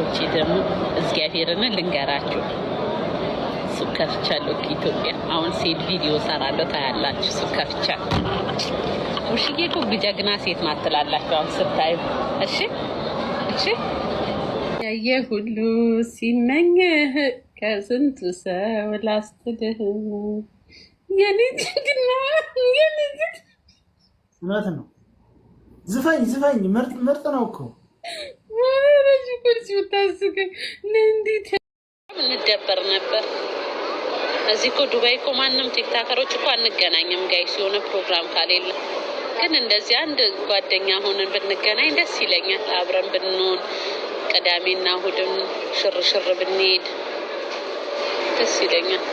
ተማሪዎች ደግሞ እግዚአብሔርን ልንገራችሁ ሱቅ ከፍቻለሁ ኢትዮጵያ። አሁን ሴት ቪዲዮ ሰራለሁ ታያላችሁ። ሱቅ ከፍቻለሁ። ውሽዬ እኮ ጀግና ሴት ናት ትላላችሁ አሁን ስታዩ። እሺ እሺ ያየ ሁሉ ሲመኝህ ከስንቱ ሰው ላስትልህ የኔ ጀግና የኔ እውነት ነው። ዝፈኝ ዝፈኝ፣ ምርጥ ምርጥ ነው እኮ እንደበር ነበር። እዚህ እኮ ዱባይ እኮ ማንም ቲክታከሮች እኮ አንገናኝም ጋይ የሆነ ፕሮግራም ካሌለ ግን እንደዚህ አንድ ጓደኛ ሆነን ብንገናኝ ደስ ይለኛል። አብረን ብንሆን ቅዳሜና እሑድም ሽርሽር ብንሄድ ደስ ይለኛል።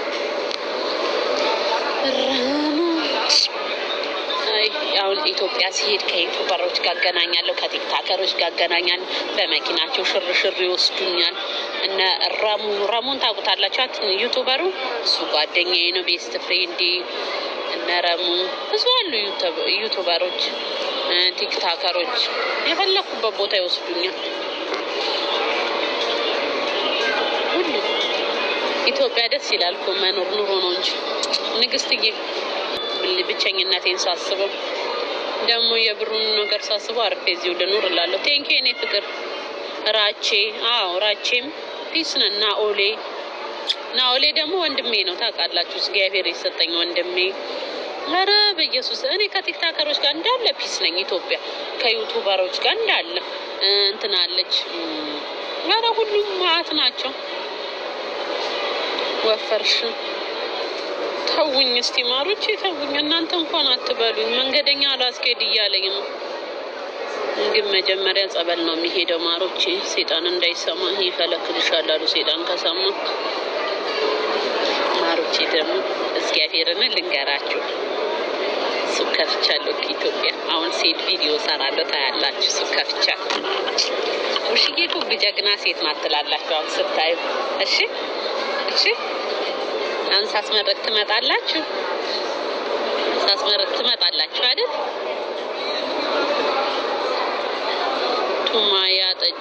ኢትዮጵያ ሲሄድ ከዩቱበሮች ጋር አገናኛለሁ፣ ከቲክታከሮች ጋር አገናኛለሁ። በመኪናቸው ሽርሽር ይወስዱኛል። እነ ረሙ ረሙን ታውቁታላችሁ? ዩቱበሩ እሱ ጓደኛዬ ነው፣ ቤስት ፍሬንዴ እነ ረሙ ብዙ አሉ ዩቱበሮች፣ ቲክታከሮች የፈለኩበት ቦታ ይወስዱኛል። ኢትዮጵያ ደስ ይላል እኮ መኖር ኑሮ ነው እንጂ ንግስትዬ ብቸኝነቴን ሳስበው ደግሞ የብሩን ነገር ሳስበው አርፌ እዚሁ ልኑር እላለሁ። ቴንኪ እኔ ፍቅር ራቼ። አዎ ራቼም ፒስ ነን። ናኦሌ ኦሌ ደግሞ ወንድሜ ነው ታውቃላችሁ፣ እግዚአብሔር የሰጠኝ ወንድሜ። ኧረ በኢየሱስ እኔ ከቲክታከሮች ጋር እንዳለ ፒስ ነኝ። ኢትዮጵያ ከዩቱበሮች ጋር እንዳለ እንትናለች። ኧረ ሁሉም ማአት ናቸው። ወፈርሽ ተውኝ እስቲ ማሮቼ ተውኝ። እናንተ እንኳን አትበሉኝ። መንገደኛ አላስኬድ እያለኝ ነው። ግን መጀመሪያ ጸበል ነው የሚሄደው። ማሮቼ ሴጣን እንዳይሰማ ይከለክልሻል አሉ። ሴጣን ከሰማ ማሮቼ ደግሞ እግዚአብሔርን ልንገራችሁ ሱቅ ከፍቻለሁ ከኢትዮጵያ። አሁን ሴት ቪዲዮ ሰራለሁ ታያላችሁ። ሱቅ ከፍቻ ውሽዬ እኮ ጀግና ሴት ናት ትላላችሁ አሁን ስታዩ። እሺ እሺ አሁን ሳስመርቅ ትመጣላችሁ፣ ሳስመርቅ ትመጣላችሁ አይደል? ቱማያ ጠጪ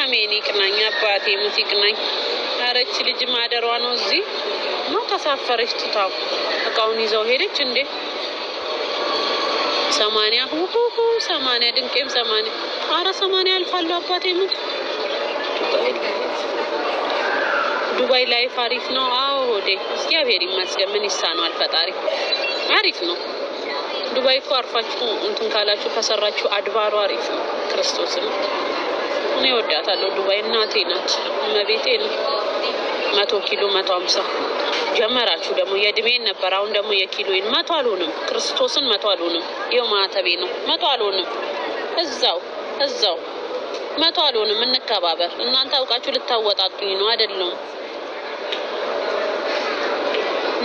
አሜን ይቅናኝ፣ አባቴ ሙት ይቅናኝ። አረች ልጅ ማደሯ ነው እዚህ ነው። ተሳፈረች፣ ትታው እቃውን ይዘው ሄደች። እንዴ ሰማንያ ሁሁ ሰማንያ ድንቄም ሰማንያ አረ ሰማንያ አልፋለሁ አባቴ ሙት ዱባይ ላይፍ አሪፍ ነው። አዎ ሆዴ እግዚአብሔር ይመስገን። ምን ይሳነዋል ፈጣሪ። አሪፍ ነው ዱባይ እኮ አርፋችሁ እንትን ካላችሁ ከሰራችሁ አድባሩ አሪፍ ነው። ክርስቶስ ነው። እኔ እወዳታለሁ ዱባይ እናቴ ናት፣ እመቤቴ ነው። መቶ ኪሎ መቶ አምሳ ጀመራችሁ ደግሞ የእድሜን ነበር። አሁን ደግሞ የኪሎይን መቶ አልሆንም፣ ክርስቶስን መቶ አልሆንም። ይኸው ማተቤ ነው። መቶ አልሆንም፣ እዛው እዛው መቶ አልሆንም። እንከባበር እናንተ አውቃችሁ ልታወጣጡኝ ነው አይደለም።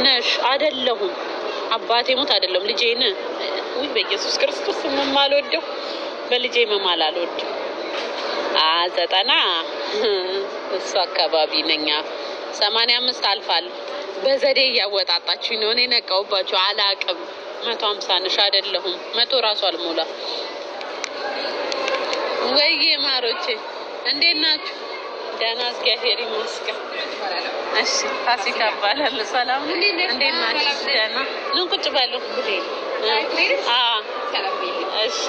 ነሽ አይደለሁም። አባቴ ሞት አይደለሁም። ልጄን ውይ፣ በኢየሱስ ክርስቶስ ስም አልወደው፣ በልጄ መማል አልወደው። ዘጠና እሱ አካባቢ ነኛ ሰማንያ አምስት አልፋል። በዘዴ እያወጣጣችሁ ነው። እኔ ነቃውባችሁ አላቅም። መቶ ሀምሳ ነሽ አይደለሁም። መቶ ራሱ አልሞላ። ወይዬ ማሮቼ እንዴት ናችሁ? ደህና እግዚአብሔር ይመስገን። እሺ ፋሲካ እባላለሁ። ሰላም እንዴት ናችሁ? ደህና ልን ቁጭ በሉ። እሺ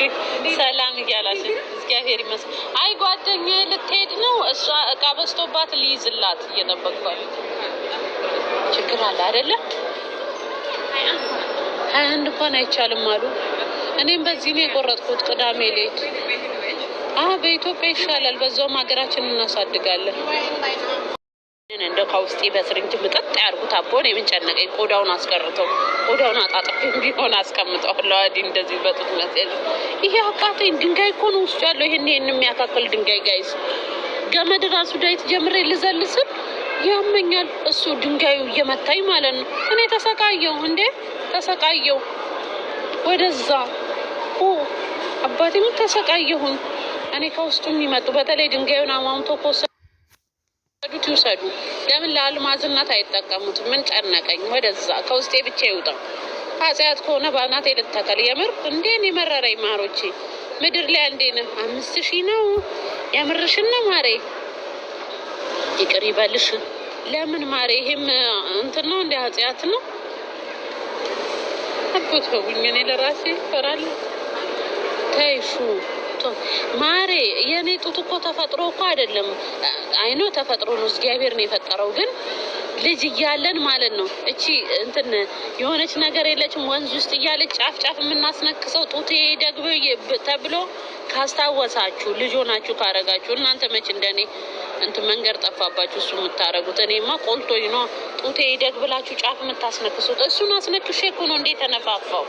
ሰላም እያላችሁ እግዚአብሔር ይመስገን። አይ ጓደኛዬ ልትሄድ ነው እሷ እቃ በዝቶባት ልይዝላት እየጠበቅኳል። ችግር አለ አይደለም? ሀያ አንድ እንኳን አይቻልም አሉ። እኔም በዚህ ነው የቆረጥኩት ቅዳሜ ሌት አህ በኢትዮጵያ ይሻላል። በዛውም ሀገራችን እናሳድጋለን። እንደው ከውስጤ በስሪንጅ ምጠጥ ያርጉት አቦን የምንጨነቀኝ ቆዳውን አስቀርተው ቆዳውን አጣጥፍ ቢሆን አስቀምጠው ለዋዲ እንደዚህ በጡት መስል ይሄ አቃተኝ። ድንጋይ እኮ ነው ውስጡ ያለው። ይሄን ይህን የሚያካክል ድንጋይ ጋይስ ገመድ ራሱ ዳዊት ጀምሬ ልዘልስል ያመኛል። እሱ ድንጋዩ እየመታኝ ማለት ነው። እኔ ተሰቃየው እንዴ ተሰቃየው፣ ወደዛ አባቴም ተሰቃየሁን ጭካኔ ከውስጡ የሚመጡ በተለይ ድንጋዩን አሟምቶ ከወሰዱት ይውሰዱ። ለምን ለአልማዝነት አይጠቀሙት? ምን ጨነቀኝ? ወደዛ ከውስጤ ብቻ ይውጣ ኃጢአት ከሆነ ባናቴ ልተከል። የምር እንዴን የመረረኝ ማሮቼ፣ ምድር ላይ እንዴን አምስት ሺህ ነው የምርሽን ነው ማሬ፣ ይቅር ይበልሽ። ለምን ማሬ? ይሄም እንትን ነው እንደ ኃጢአት ነው አቦተውኝ። እኔ ለራሴ እፈራለሁ። ተይሹ አልሰጡም። ማሬ የኔ ጡት እኮ ተፈጥሮ እኮ አይደለም አይኖ ተፈጥሮ ነው፣ እግዚአብሔር ነው የፈጠረው። ግን ልጅ እያለን ማለት ነው እቺ እንትን የሆነች ነገር የለችም ወንዝ ውስጥ እያለች ጫፍ ጫፍ የምናስነክሰው ጡቴ ደግብ ተብሎ ካስታወሳችሁ ልጆ ናችሁ ካረጋችሁ እናንተ መች እንደኔ እንትን መንገድ ጠፋባችሁ። እሱ የምታረጉት እኔማ ቆልቶ ይኖ ጡቴ ይደግ ብላችሁ ጫፍ የምታስነክሱት። እሱን አስነክሼ እኮ ነው እንዴ ተነፋፋው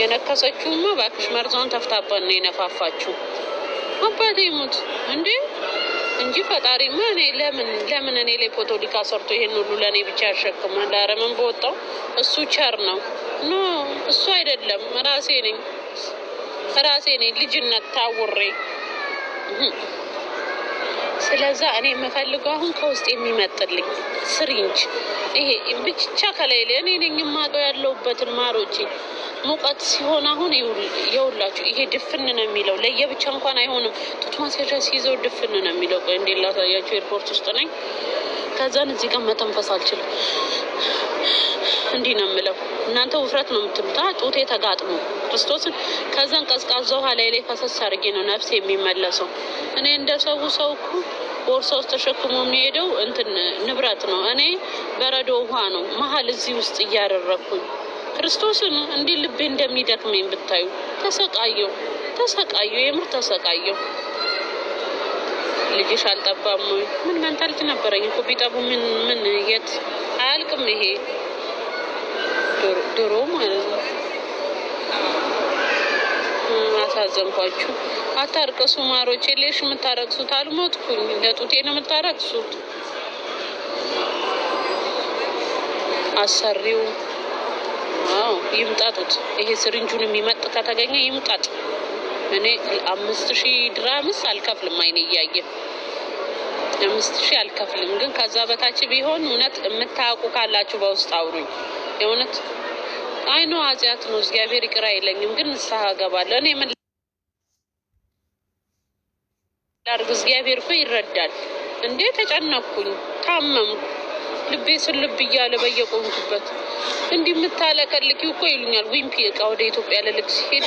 የነከሰችውማ እባክሽ መርዛውን ተፍታባን ነው የነፋፋችው። አባቴ ሙት እንዴ እንጂ ፈጣሪማ እኔ ለምን ለምን እኔ ላይ ፖቶሊካ ሰርቶ ይሄን ሁሉ ለእኔ ብቻ ያሸክማል? ለአረምን በወጣው እሱ ቸር ነው። ኖ እሱ አይደለም ራሴ ነኝ ራሴ ነኝ ልጅነት ታውሬ ስለዛ እኔ የምፈልገው አሁን ከውስጥ የሚመጥልኝ ስሪንጅ ይሄ ብቻ ከላይ እኔ ነኝ የማውቀው ያለሁበትን ማሮች ሙቀት ሲሆን አሁን የውላችሁ ይሄ ድፍን ነው የሚለው ለየብቻ እንኳን አይሆንም። ጡት ማስያዣ ሲይዘው ድፍን ነው የሚለው። ቆይ እንዴት ላሳያችሁ። ኤርፖርት ውስጥ ነኝ ከዛን እዚህ ጋር መተንፈስ አልችልም። እንዲህ ነው የምለው። እናንተ ውፍረት ነው የምትምታ ጡቴ ተጋጥሞ ክርስቶስን ከዛን ቀዝቃዛ ውሃ ላይ ላይ ፈሰስ አድርጌ ነው ነፍስ የሚመለሰው። እኔ እንደ ሰው ሰው እኮ ቦርሳ ውስጥ ተሸክሞ የሚሄደው እንትን ንብረት ነው። እኔ በረዶ ውሃ ነው መሀል እዚህ ውስጥ እያደረግኩኝ ክርስቶስን እንዲህ ልቤ እንደሚደክመኝ ብታዩ። ተሰቃየው ተሰቃየው፣ የምር ተሰቃየው። ልጅሽ አልጠባም ወይ? ምን መንታ ልጅ ነበረኝ እኮ ቢጠቡ ምን ምን የት አያልቅም። ይሄ ድሮ ማለት ነው። አሳዘንኳችሁ። አታርቀሱ ማሮች። ሌሽ የምታረቅሱት አልሞትኩኝ። ለጡቴ ነው የምታረቅሱት። አሰሪው አዎ ይምጣጡት። ይሄ ስሪንጁን የሚመጥ ከተገኘ ይምጣጥ። እኔ አምስት ሺህ ድራምስ አልከፍልም አይኔ እያየ አምስት ሺህ አልከፍልም፣ ግን ከዛ በታች ቢሆን እውነት የምታውቁ ካላችሁ በውስጥ አውሩኝ። የእውነት አይኖ ኃጢአት ነው፣ እግዚአብሔር ይቅር አይለኝም፣ ግን ንስሐ እገባለሁ እኔ ምን ዳርግ እግዚአብሔር እኮ ይረዳል። እንዴ ተጨነኩኝ፣ ታመምኩ፣ ልቤ ስልብ እያለ በየቆምኩበት እንዲህ የምታለቀልኪው እኮ ይሉኛል። ዊምፒ እቃ ወደ ኢትዮጵያ ለልቅ ሲሄድ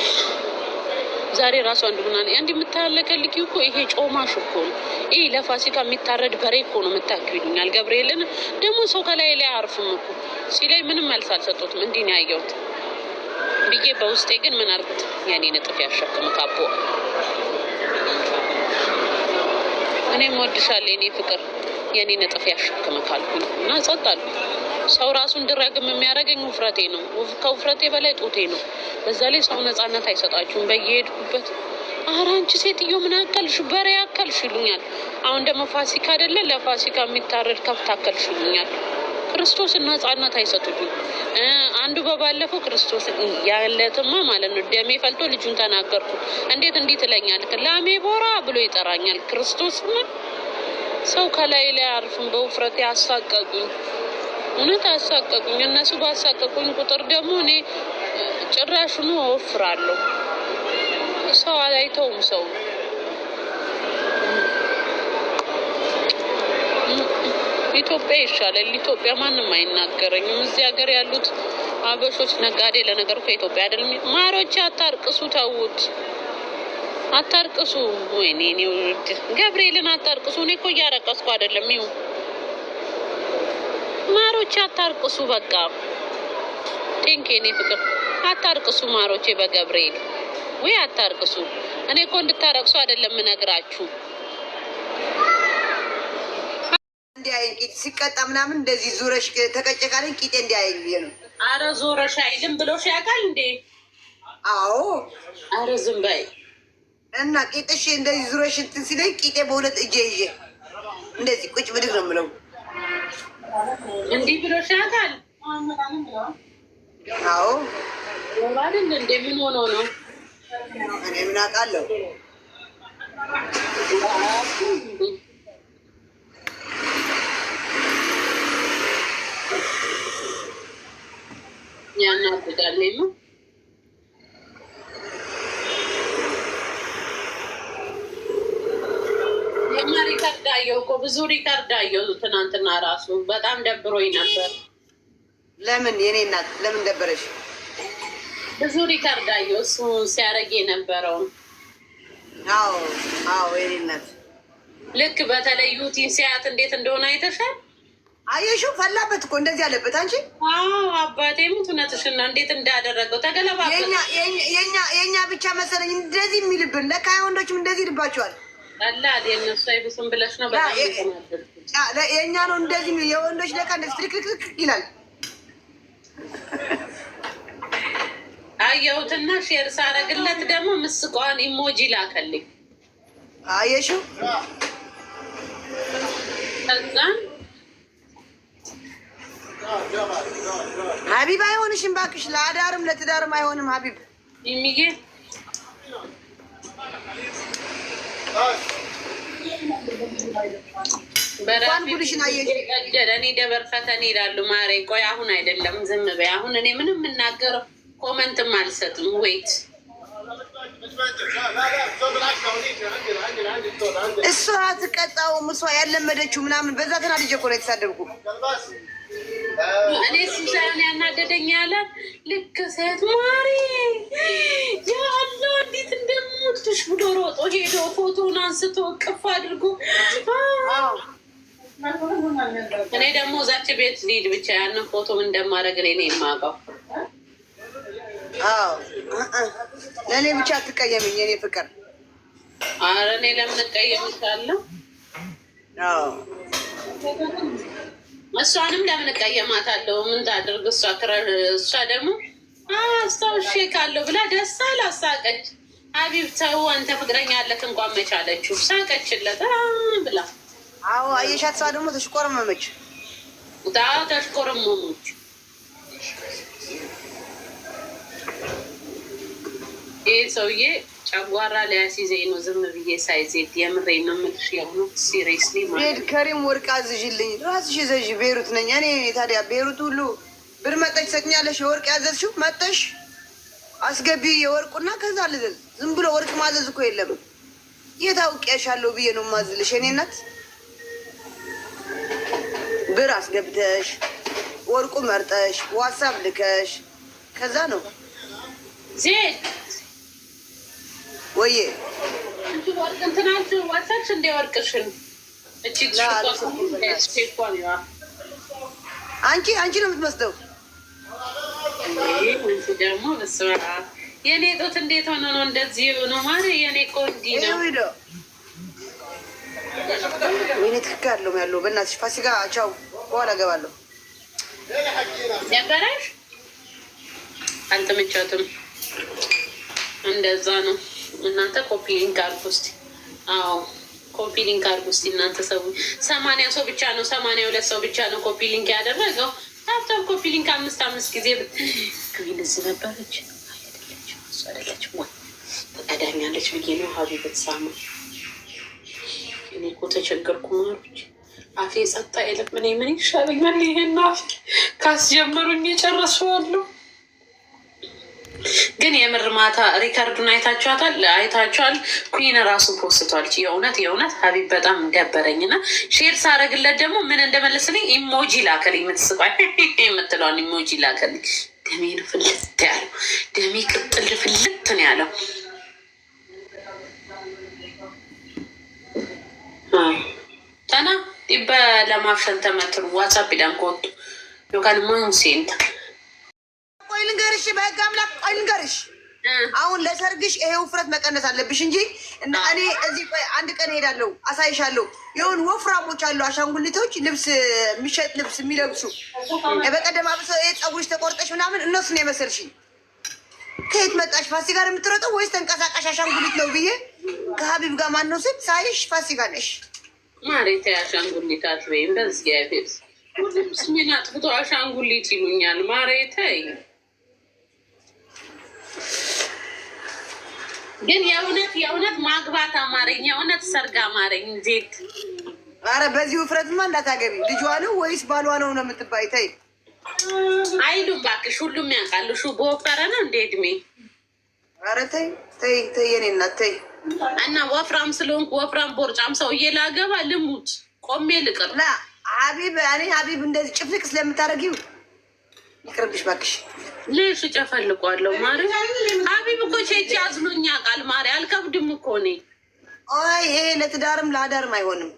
ዛሬ ራሱ አንድ ቡና ነው አንድ የምታለከልኪ እኮ ይሄ ጮማሽ እኮ ነው። ይህ ለፋሲካ የሚታረድ በሬ እኮ ነው የምታክብልኛል። ገብርኤልን ደግሞ ሰው ከላይ ላይ አርፍም እኮ ሲላይ ምንም መልስ አልሰጡትም። እንዲህ ነው ያየሁት ብዬ በውስጤ ግን ምን አልኩት የኔ ነጥፍ ያሸክም ካቦ እኔም ወድሻለሁ የኔ ፍቅር የኔ ነጥፍ ያሸክም ካልኩኝ እና ጸጥ አልኩ። ሰው ራሱ እንድረግም የሚያደርገኝ ውፍረቴ ነው። ከውፍረቴ በላይ ጡቴ ነው። በዛ ላይ ሰው ነጻነት አይሰጣችሁም። በየሄድኩበት ኧረ አንቺ ሴትዮ ምን አከልሽ፣ በሬ አከልሽ ይሉኛል። አሁን ደግሞ ፋሲካ አይደለ? ለፋሲካ የሚታረድ ከብት አከልሽ ይሉኛል። ክርስቶስን ነጻነት አይሰጡኝም። አንዱ በባለፈው ክርስቶስ ያለትማ ማለት ነው ደሜ ፈልቶ ልጁን ተናገርኩ። እንዴት እንዲህ ትለኛል? ላሜ ቦራ ብሎ ይጠራኛል። ክርስቶስ ሰው ከላይ ላይ አርፍም በውፍረት ያሳቀቁኝ እውነት አሳቀቁኝ። እነሱ ባሳቀቁኝ ቁጥር ደግሞ እኔ ጭራሽኑ እወፍራለሁ። ሰው አላይተውም። ሰው ኢትዮጵያ ይሻላል። ኢትዮጵያ ማንም አይናገረኝም። እዚህ ሀገር ያሉት አበሾች ነጋዴ። ለነገሩ ከኢትዮጵያ አይደለም። ማሮች አታርቅሱ፣ ተዉት፣ አታርቅሱ። ወይኔ ኔ ገብርኤልን አታርቅሱ። እኔ እኮ እያረቀስኩ አይደለም። ይሁን ማሮቼ አታርቅሱ። በቃ ቴንኬ እኔ ፍቅር አታርቅሱ ማሮቼ። በገብርኤል ወይ አታርቅሱ። እኔ እኮ እንድታረቅሱ አይደለም ምነግራችሁ። እንዲያይን ቂጥ ሲቀጣ ምናምን እንደዚህ ዙረሽ ተቀጨቃለኝ ቂጤ እንዲያይን ብዬ ነው። አረ ዞረሽ አይልም ብሎሽ ያውቃል እንዴ? አዎ። አረ ዝም በይ እና ቂጥሽ እንደዚህ ዙረሽ እንትን ሲለኝ ቂጤ በሁለት እጄ ይዤ እንደዚህ ቁጭ ብድግ ነው የምለው እንዲህ ብሎሻታል? አዎ ባልን እንደ ምን ሆኖ ነው? እኔ ምን አውቃለሁ? ያናግዳል ነው ሪከርድ አየሁ እኮ ብዙ ሪከርድ አየሁ ትናንትና። ራሱ በጣም ደብሮኝ ነበር። ለምን የኔ እናት ለምን ደበረሽ? ብዙ ሪከርድ አየሁ እሱ ሲያደርግ የነበረውን። አዎ አዎ፣ የኔ እናት ልክ በተለይ ዩቲን ሲያት እንዴት እንደሆነ አይተሻል። አየሽው? ፈላበት እኮ እንደዚህ አለበት። አንቺ አባቴ ምትነትሽና እንዴት እንዳደረገው ተገለባ። የኛ ብቻ መሰለኝ እንደዚህ የሚልብን። ለካ ወንዶችም እንደዚህ ይልባቸዋል። የእኛ ነው እንደዚህ የወንዶች ለካ እንደዚህ ትርክርክርክ ይላል። አየሁትና ሼር ሳረግለት ደግሞ ምስቋን ኢሞጂ ላከልኝ። አየሽው ከዛ ሀቢብ አይሆንሽም እባክሽ፣ ለአዳርም ለትዳርም አይሆንም ሀቢብ እኔ ደበር ፈተን ይላሉ። ማሬ ቆይ አሁን አይደለም፣ ዝም በይ አሁን። እኔ ምንም የምናገር ኮመንትም አልሰጥም። ወይት እሷ አትቀጣውም፣ እሷ ያለመደችው ምናምን በዛ ተናድጄ እኮ ነው የተሳደብኩ። እኔ እሱ ሳይሆን ያናደደኝ ያላት ልክ ሴት ማሬ ሮጦ ሄዶ ፎቶን አንስቶ ቅፍ አድርጎ እኔ ደግሞ እዛች ቤት ልሂድ ብቻ ያንን ፎቶም እንደማደርግ እኔ የማውቀው። ለእኔ ብቻ አትቀየምኝ ፍቅር። እኔ ለምን እቀየምሻለሁ? እሷንም ለምን እቀየማታለሁ? ምን እሷ ደግሞ አስታውሼ ካለሁ ብላ ደስ አላሳቀች። አቢብ ተው አንተ ፍቅረኛ አለክ እንኳን መቻለችው ሳቀችለት ብላ። አዎ አየሻት። ሰዋ ደግሞ ተሽቆርመመች። ዳ ተሽቆርመመች። ይህ ሰውዬ ጨጓራ ሊያስይዘኝ ነው። ዝም ብዬ ሳይዜድ የምሬ ነው የምልሽ። የሆኑ ሲሪየስሊ ሬድ ከሪም ወርቅ አዝዥልኝ ራስሽ ዘዥ ቤሩት ነኝ እኔ። ታዲያ ቤሩት ሁሉ ብር መጠሽ ሰጥኛለሽ። የወርቅ ያዘዝሽው መጠሽ አስገቢ የወርቁና ከዛ ልዘዝ ዝም ብሎ ወርቅ ማዘዝ እኮ የለም። የታውቂያሻለሁ ብዬ ነው ማዝልሽ። እኔ እናት ብር አስገብተሽ ወርቁ መርጠሽ ዋሳብ ልከሽ ከዛ ነው ወዬ አንቺ አንቺ ነው የምትመስለው ደግሞ የኔ ጡት እንዴት ሆኖ ነው እንደዚህ ሆኖ? ማለት የኔ ቆንዲ ነው። ወይኔ ትክክ ያለው ያለው በእናትሽ ፋሲካ ቻው። በኋላ ገባለሁ። ደበረሽ? አልተመቻትም። እንደዛ ነው። እናንተ ኮፒ ሊንክ አድርጉ እስኪ። አዎ ኮፒ ሊንክ አድርጉ እስኪ። እናንተ ሰው ሰማንያ ሰው ብቻ ነው ሰማንያ ሁለት ሰው ብቻ ነው ኮፒ ሊንክ ያደረገው። ታብታብ ኮፒ ሊንክ አምስት አምስት ጊዜ ብት ነበር ነበረች እሱ አይደለችም ወይ? ተቀዳኛለች ብዬ ነው ሀቢ ብትሳማ። እኔ እኮ ተቸገርኩ ማሮች። አፌ ጸጣ የለም። እኔ ምን ይሻለኛል? ይሄን አፌ ካስጀመሩኝ የጨረሰዋለሁ። ግን የምር ማታ ሪከርዱን አይታችኋታል? አይታችኋል? ኩን ራሱ ፖስቷል። የእውነት የእውነት ሀቢብ በጣም ደበረኝ እና ሼር ሳረግለት ደግሞ ምን እንደመለስልኝ ኢሞጂ ላከልኝ፣ የምትስቃይ የምትለዋል ኢሞጂ ላከልኝ። ደሜ ነው ፍልት ያለው፣ ደሜ ቅጥል ፍልት ነው ያለው። ተና ዲበ ለማፍሰል ተመትሩ ዋትሳፕ ዳን ከወጡ ዮካን ሞንሴንት ቆይ ልንገርሽ፣ በህግ አምላክ ቆይ ልንገርሽ አሁን ለሰርግሽ ይሄ ውፍረት መቀነስ አለብሽ እንጂ እና እኔ እዚህ አንድ ቀን እሄዳለሁ፣ አሳይሻለሁ። ይሁን ወፍራሞች አሉ አሻንጉሊቶች ልብስ የሚሸጥ ልብስ የሚለብሱ በቀደም አብሶ ፀጉርሽ ተቆርጠሽ ምናምን እነሱ ነው የመሰልሽኝ ከየት መጣሽ? ፋሲ ጋር የምትረጠው ወይስ ተንቀሳቃሽ አሻንጉሊት ነው ብዬ ከሀቢብ ጋር ማነው ስል ሳይሽ ፋሲ ጋር ነሽ። ማሬታ አሻንጉሊታት ወይም በዚያ ቤት ሁሉም ስሜን አጥፍቶ አሻንጉሊት ይሉኛል። ማሬታይ ግን የእውነት የእውነት ማግባት አማረኝ፣ የእውነት ሰርግ አማረኝ። ዜድ አረ በዚህ ውፍረትማ እንዳታገቢ። ልጇ ነው ወይስ ባሏ ነው ነው የምትባይ? ተይ አይሉም እባክሽ፣ ሁሉም ያውቃሉ። ሹ በወፈረ ነው እንደ እድሜ። አረ ተይ ተይ ተይ፣ የኔ እናት ተይ። እና ወፍራም ስለሆንኩ ወፍራም ቦርጫም ሰውዬ ላገባ ልሙት፣ ቆሜ ልቅር። ሀቢብ እኔ ሀቢብ እንደዚህ ጭፍልቅ ስለምታደርጊው ይቅርብሽ እባክሽ። ልሽ ጨፈልቋለሁ። ማሪ ሀቢብ እኮ ቼቼ አዝኖኛ ቃል ማሪ አልከብድም እኮ እኔ ይሄ ለትዳርም ለአዳርም አይሆንም።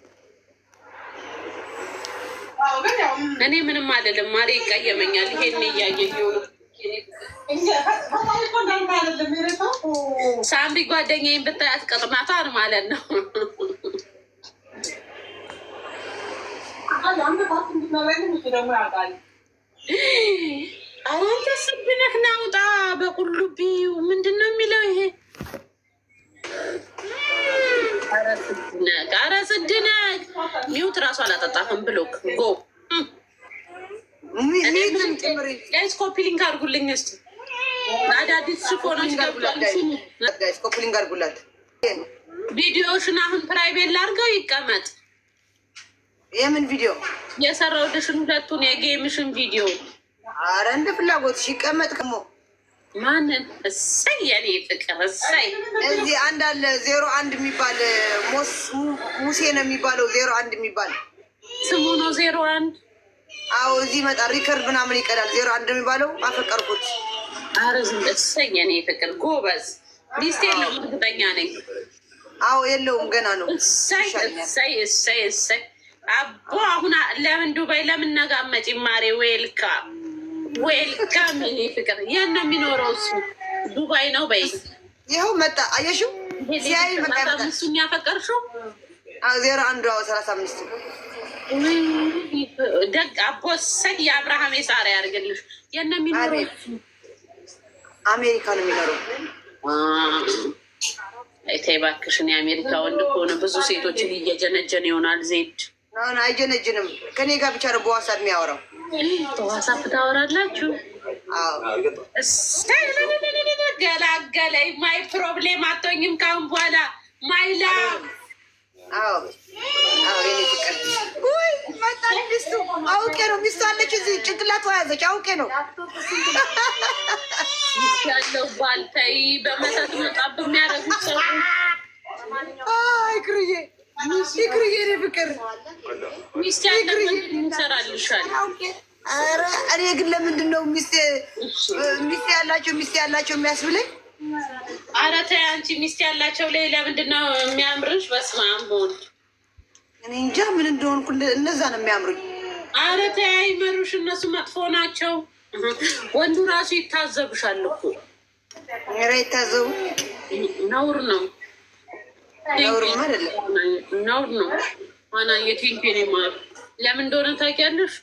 እኔ ምንም አይደለም። ማሪ ይቀየመኛል። ይሄን እያየ ሳምቢ ጓደኛዬን ብታያት ቅጥናታን ማለት ነው። አንተ ስብነክ ናውጣ በቁልቢው ምንድን ነው የሚለው ይሄ? ኧረ ስድነክ ሚውት እራሱ አላጠጣፍም ብሎክ ጎ ጋይስ ኮፒ ሊንክ አድርጉልኝ እስኪ አዳዲስ ሽፎኖች ገብቷል። ቪዲዮሽን አሁን ፕራይቬት ላድርገው ይቀመጥ። የምን ቪዲዮ የሰራው ድሽን ሁለቱን የጌምሽን ቪዲዮ አረ እንደ ፍላጎትሽ ይቀመጥ። ከሞ ማንን እሰይ፣ የኔ ፍቅር እሰይ። እዚህ አንድ አለ ዜሮ አንድ የሚባል ሙሴ ነው የሚባለው ዜሮ አንድ የሚባል ስሙ ነው ዜሮ አንድ። አዎ እዚህ ይመጣል፣ ሪከርድ ምናምን ይቀዳል። ዜሮ አንድ የሚባለው አፈቀርኩት። አረ እሰይ፣ የኔ ፍቅር ጎበዝ። ሚስት የለውም እርግጠኛ ነኝ። አዎ የለውም፣ ገና ነው። እሰይ እሰይ እሰይ እሰይ። አቦ አሁን ለምን ዱባይ ለምን ነጋ መጪ ማሬ ዌልካም ዌልካም የእኔ ፍቅር የት ነው የሚኖረው? እሱ ዱባይ ነው በይ። ይኸው መጣ። አየሽው ሲያይ መጣ። ዜሮ አንዱ ሰላሳ አምስት ደግ አቦሰድ የአብርሃም የት ነው የሚኖረው? አሜሪካ ነው የሚኖረው። ተይ እባክሽን። የአሜሪካ ወንድ ከሆነ ብዙ ሴቶችን እየጀነጀን ይሆናል። ዜድ አይጀነጅንም። ከኔ ጋር ብቻ ነው በዋሳድ የሚያወራው በዋትሳፕ ታወራላችሁ። ገላገለኝ። ማይ ፕሮብሌም አትሆኝም ካሁን በኋላ ማይ ላቭ አውቄ ነው ሚስቱ አለች፣ እዚህ ጭንቅላት ያዘች። አውቄ ነው ያለው ባልተይ በመተት መጣብ የሚያደርጉት ሰው አይ ክርዬ ፍቅር እኔ ግን ለምንድን ነው ሚስቴ ያላቸው ሚስት ያላቸው የሚያስብለኝ? ኧረ ተይ አንቺ ሚስት ያላቸው ላይ ለምንድን ነው የሚያምርሽ? በስመ አብ እኔ እንጃ ምን እንደሆንኩ እነዛ ነው የሚያምሩኝ። ኧረ ተይ አይመሩሽ፣ እነሱ መጥፎ ናቸው። ወንዱ ራሱ ይታዘብሻል እኮ ኧረ ይታዘቡ፣ ነውር ነው ነውር ነው። የቴንኬኔ ለምን እንደሆነ ታውቂያለሽ?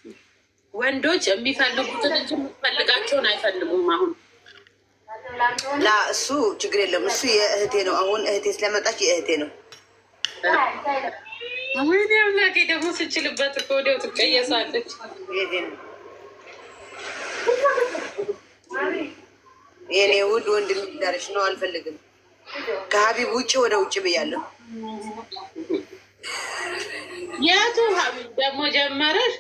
ወንዶች የሚፈልጉትን እንጂ የምትፈልጋቸውን አይፈልጉም። አሁን ላ እሱ ችግር የለም። እሱ የእህቴ ነው። አሁን እህቴ ስለመጣች የእህቴ ነው። ወይኔ አምላኬ! ደግሞ ስችልበት እኮ ወዲያው ትቀየሳለች። ውድ ወንድ የሚዳረሽ ነው። አልፈልግም ከሀቢብ ውጭ ወደ ውጭ ብያለሁ። የቱ ደግሞ ጀመረሽ?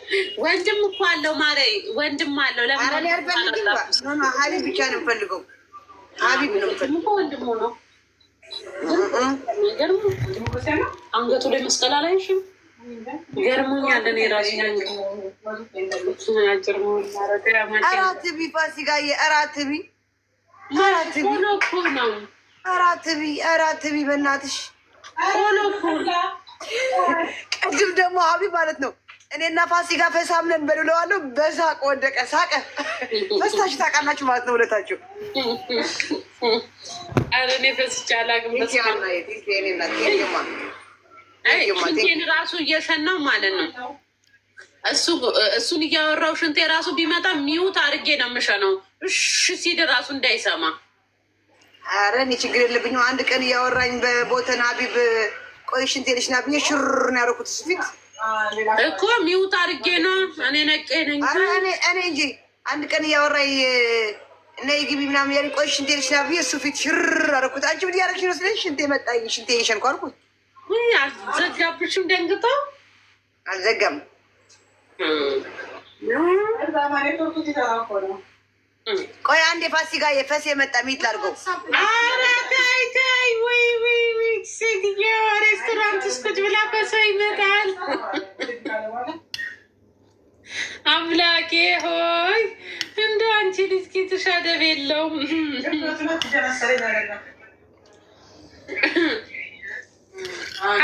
ወንድም እኮ አለው ማሬ፣ ወንድም አለው። ለምን አልፈልግም። ሀቢብ ብቻ ነው የምፈልገው። ሀቢብ ነው ወንድሙ ነው። አንገቱ ላይ መስቀል አላየሽም? ገርሞኛል። እኔ እራሴ አራት ቢ ፋሲካዬ፣ አራት ቢ ነው ኧረ አትቢ፣ ኧረ አትቢ በእናትሽ። ቅድም ደግሞ ሀቢ ማለት ነው እኔና ፋሲካ ፈሳምነን በድለዋለሁ። በሳቅ ወደቀ፣ ሳቀ። ፈስታችሁ ታውቃላችሁ ማለት ነው ሁለታችሁ? እኔ ፈስቼ ራሱ እየሸናው ማለት ነው እሱን እያወራው ሽንቴ ራሱ ቢመጣ ሚውት አድርጌ ነው የምሸነው፣ እሺ ሲል ራሱ እንዳይሰማ ኧረ እኔ ችግር የለብኝም። አንድ ቀን እያወራኝ በቦተን ሀቢብ ቆይ ሽንቴ ልሽና ብዬ ሽር ነው ያደረኩት። ስፊት እኮ ሚውት አድርጌ ነው እኔ ነቄ ነኝ እኔ እንጂ አንድ ቀን እያወራኝ ነይ ግቢ ምናምን ያለኝ ቆይ ሽንቴ ልሽና ብዬ እሱ ፊት ሽር አደረኩት። አንቺ ምን እያደረግሽ ነው ስለኝ ሽንት መጣ ሽንቴ እየሸንኩ አልኩት። አልዘጋብሽም? ደንግጦ አልዘጋም። ቆይ አንድ የፋሲ ጋር የፈስ የመጣ ሚት ላድርገው። ኧረ ተይ ተይ፣ ወይ ወይ ወይ፣ ሴትዮ ሬስቶራንት ውስጥ ቁጭ ብላ በሰው ይመጣል። አምላኬ ሆይ እንደ አንቺ ልስኪ ትሻደብ የለውም።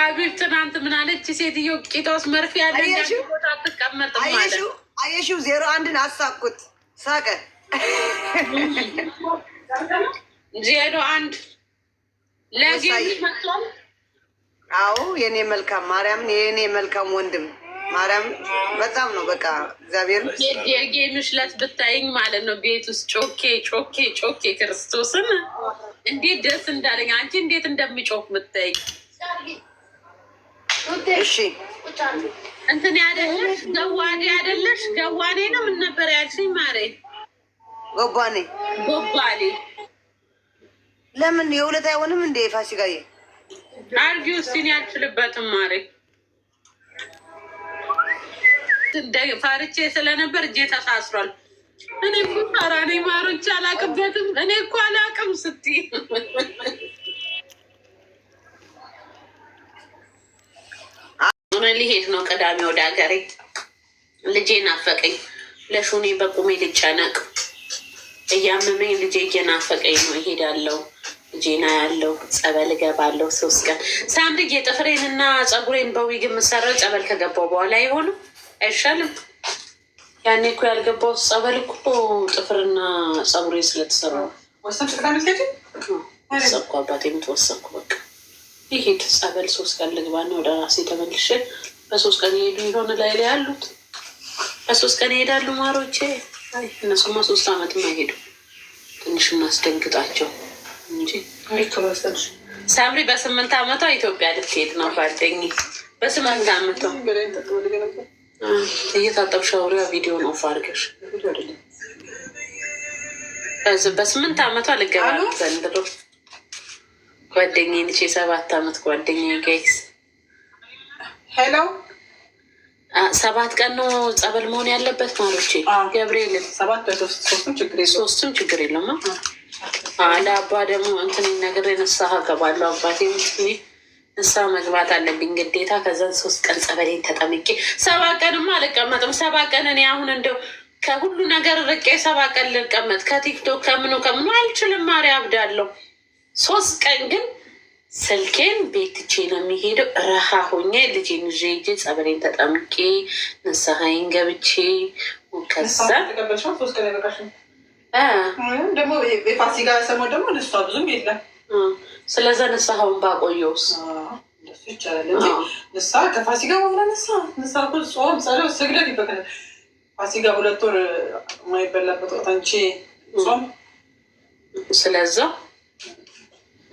አቢብ ትናንት ምን አለች ሴትዮ? ቂጦስ መርፌ ያለ ቦታ አትቀመጥም አለች። አየሽው፣ ዜሮ አንድን አሳኩት ሳቀ ዜሮ አንድ አዎ የኔ መልካም ማርያምን የኔ መልካም ወንድም ማርያም በጣም ነው በቃ እግዚአብሔር የጌምሽ ዕለት ብታይኝ ማለት ነው ቤት ውስጥ ጮኬ ጮኬ ጮኬ ክርስቶስን እንዴት ደስ እንዳለኝ አንቺ እንዴት እንደሚጮክ ብታይኝ። እሺ እንትን ያደለሽ ገዋኔ ያደለሽ ገዋኔ ነው ምን ነበር ያልሽኝ ማሬ? ጎባኔ ጎባኔ ለምን የሁለት አይሆንም እንዴ? ፋሲካዬ አርጊ ውስጥ እኔ ማሬ ፋርቼ ስለነበር እጄ ተሳስሯል። እኔ እኮ ኧረ ማሮች አላቅበትም። እኔ እኮ አላቅም ስትይ ሊሄድ ነው ቅዳሜ ወደ ሀገሬ። ልጄ ናፈቀኝ። ለሹኔ በቁሜ ልጨነቅ እያመመኝ ልጄ እየናፈቀኝ ነው። ይሄዳለው ጄና ያለው ጸበል እገባለሁ ሶስት ቀን ሳምድ የጥፍሬን እና ፀጉሬን በዊግ የምሰራው ጸበል ከገባው በኋላ የሆነ አይሻልም? ያኔ እኮ ያልገባው ጸበል እኮ ጥፍርና ፀጉሬ ስለተሰራ ወሰንኩ። አባቴም ተወሰንኩ። በቃ ይሄድ ጸበል ሶስት ቀን ልግባ ወደ ራሴ ተመልሼ። በሶስት ቀን ይሄዱ የሆነ ላይ ላይ ያሉት በሶስት ቀን ይሄዳሉ ማሮቼ እነሱማ ሶስት አመት ማይሄዱ ትንሽ እናስደንግጣቸው እንጂ ሳምሪ በስምንት አመቷ ኢትዮጵያ ልትሄድ ነው። ጓደኝ በስምንት አመቷ እየታጠብ አውሪያ ቪዲዮ ነው ፋርገሽ በስምንት አመቷ ልገባ ዘንድሮ ጓደኝ ልቼ ሰባት አመት ጓደኛ ጋይስ ሄሎ ሰባት ቀን ነው ጸበል መሆን ያለበት ማሮቼ ገብርኤልን ሶስቱም ችግር የለም። ለአባ ደግሞ እንትን ነገር ንስሐ ገባለሁ አባቴ ንስሐ መግባት አለብኝ ግዴታ። ከዛን ሶስት ቀን ጸበሌን ተጠምቄ ሰባት ቀንማ አልቀመጥም። ሰባት ቀን እኔ አሁን እንደው ከሁሉ ነገር ርቄ ሰባት ቀን ልቀመጥ ከቲክቶክ ከምኑ ከምኑ አልችልም። ማሪ አብዳለሁ። ሶስት ቀን ግን ስልኬን ቤትቼ ነው የሚሄደው። ረሃ ሆኜ ልጄን ይዤ ሂጄ ጸበሌን ተጠምቄ ንስሐዬን ገብቼ ከዛ ደግሞ የፋሲካ ሰሞን ደግሞ ብዙም የለም። ስለዛ ንስሐውን ባቆየውስ ይቻላል እንጂ ንስሐ ከፋሲካ በኋላ ንስሐ ንስሐ እኮ ጾም፣ ጸሎት፣ ስግደት ይበቃል። ፋሲካ ሁለት ወር የማይበላበት ወቅት አንቺ ጾም ስለዛ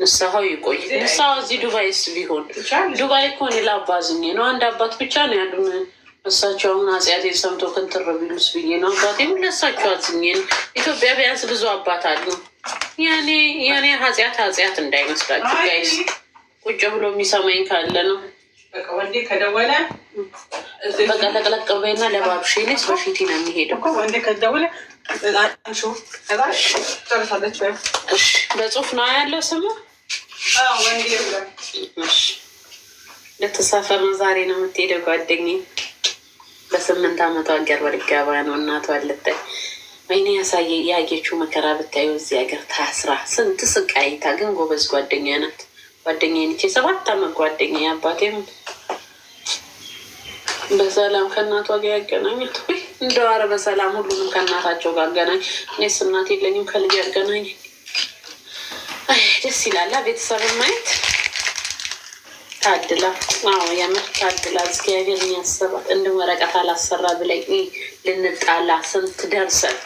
ንስሐው ይቆይ። ንስሐው እዚህ ዱባይስ ቢሆን ዱባይ እኮ እኔ ላባዝኜ ነው። አንድ አባት ብቻ ነው ያሉን። እሳቸው አሁን ሰምቶ ክንትር ቢሉስ ብዬ ነው። ለእሳቸው ኢትዮጵያ ቢያንስ ብዙ አባት አሉ። ያኔ ያኔ እንዳይመስላችሁ ጋይስ። ቁጭ ብሎ የሚሰማኝ ካለ ነው ወንዴ ከደወለ በቃ በይና ለባብሽ በፊቴ ነው የሚሄደው። ወንዴ ከደወለ በጽሁፍ ነው ያለው ስም ለተሳፈር ነው። ዛሬ ነው የምትሄደው። ጓደኝ በስምንት አመቷ ሀገር በልጋባ ነው እናቷ አለጠ። ወይኔ ያሳየ ያየችው መከራ ብታዩ። እዚህ ሀገር ታስራ ስንት ስቃይታ፣ ግን ጎበዝ ጓደኛ ናት። ጓደኛ ነች፣ የሰባት አመት ጓደኛ አባቴም በሰላም ከእናቷ ጋር ያገናኙት። እንደው ኧረ በሰላም ሁሉንም ከእናታቸው ጋር አገናኝ። እኔስ እናት የለኝም ከልጅ ያገናኝ ደስ ይላላ ቤተሰብ ማየት ታድላ። አዎ የምር ታድላ። እግዚአብሔር ያስባል። እንደ ወረቀት አላሰራ ብለኝ ልንጣላ ስንት ደርሰን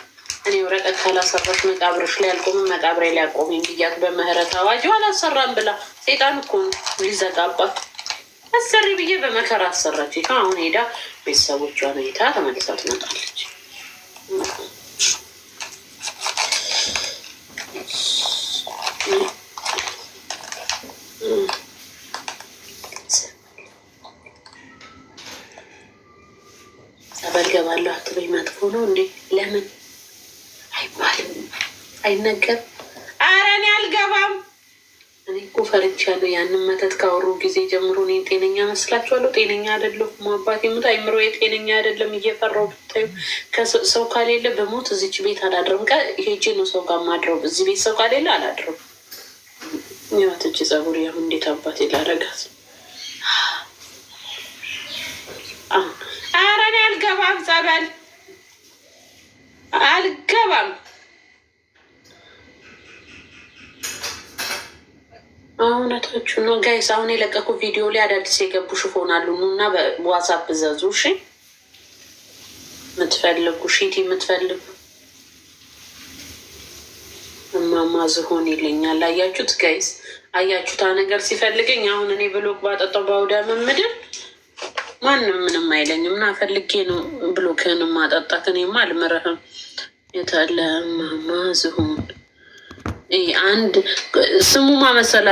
እኔ ወረቀት ካላሰራሽ መቃብርሽ ላይ አልቆምም መቃብሬ ላይ አልቆምም ብያት በምህረት አዋጅ አላሰራም ብላ ሴጣን እኮ ሊዘጋባት አሰሪ ብዬ በመከራ አሰራች። አሁን ሄዳ ቤተሰቦቿን አይታ ተመልሳ ትመጣለች። ጸበል ገባለሁ አትበይ። መጥፎ ነው እንዴ? ለምን አይባልም? አይነገርም። ኧረ እኔ አልገባም። እኔ እኮ ፈርቻለሁ። ያንን መተት ካወሩ ጊዜ ጀምሮ እኔ ጤነኛ መስላችኋለሁ። ጤነኛ አይደለሁም። አባቴ ሙት፣ አይምሮ የጤነኛ አይደለም። እየፈራሁ ብታዩ ሰው ከሌለ በሞት እዚች ቤት አላድረም። ሄጄ ነው ሰው ጋር ማድረው። እዚህ ቤት ሰው ከሌለ አላድረም። ያትች ጸጉር ያሁን እንዴት አባቴ ላረጋት። ኧረ እኔ አልገባም፣ ጸበል አልገባም። እውነታችሁ ነው ጋይስ። አሁን የለቀቁ ቪዲዮ ላይ አዳዲስ የገቡ ሽፎን አሉ እና በዋትሳፕ ዘዙ። እሺ የምትፈልጉ ሺቲ የምትፈልጉ ጤናማ ዝሆን ይለኛል። አያችሁት ጋይስ፣ አያችሁታ ነገር ሲፈልገኝ አሁን እኔ ብሎክ ባጠጣው በአውዳም ምድር ማንም ምንም አይለኝም። እና ፈልጌ ነው ብሎክህን ማጠጣት። እኔማ አልምርህም። የታለ ማማ ዝሆን አንድ ስሙ ማመሰላ